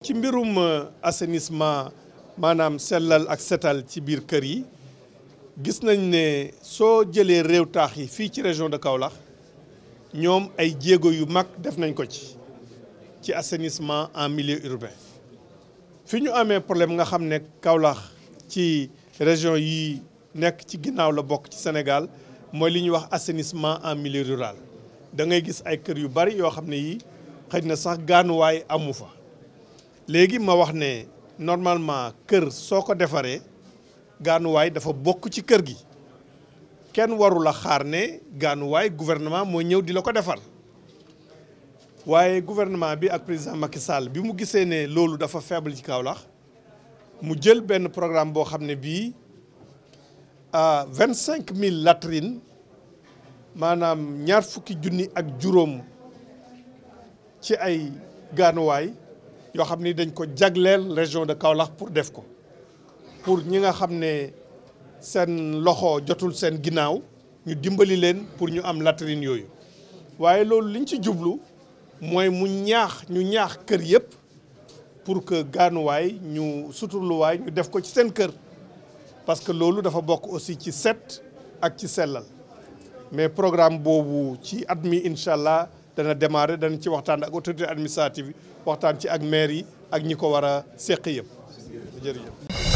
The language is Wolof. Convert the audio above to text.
ci mbirum euh, assainissement manam selal ak setal ci bir kër yi gis nañ né so jëlé réew tax yi ci région de Kaolack ñom ay djégo yu mag def nañ ko ci ci assainissement en milieu urbain fi ñu amé problème nga xamné ne Kaolack ci région yi nek ci ginnaw la bok ci Sénégal moy li ñu wax assainissement en milieu rural da ngay gis ay kër yu bari yo xamné yi yii sax na way amu fa léegi ma wax ne normalement kër soo ko defaree gaanuwaay dafa bokk ci kër gi kenn warula a xaar ne gaanuwaay gouvernement mooy ñëw di la ko defar waaye gouvernement bi ak président Macky Sall bi mu gisee ne loolu dafa faible ci Kaolack mu jël benn programme boo xam ne bii à vingt cinq mille latrine maanaam ñaar fukki junni ak juróom ci ay gaanuwaay yoo xam ni dañ ko jagleel région de Kaolack pour def ko pour ñi nga xam ne seen loxo jotul seen ginnaaw ñu dimbali leen pour ñu am latrine yooyu waaye loolu liñ ci jublu mooy mu ñaax ñu ñaax kër yëpp pour que gaanuwaay ñu suturluwaay ñu def ko ci seen kër parce que loolu dafa bokk aussi ci set ak ci sellal mais programme boobu ci at mi incha allah dana démarrer danañ ci waxtaan ak autorité administrative waxtaan ci ak maire yi ak ñi ko war a seq yëpp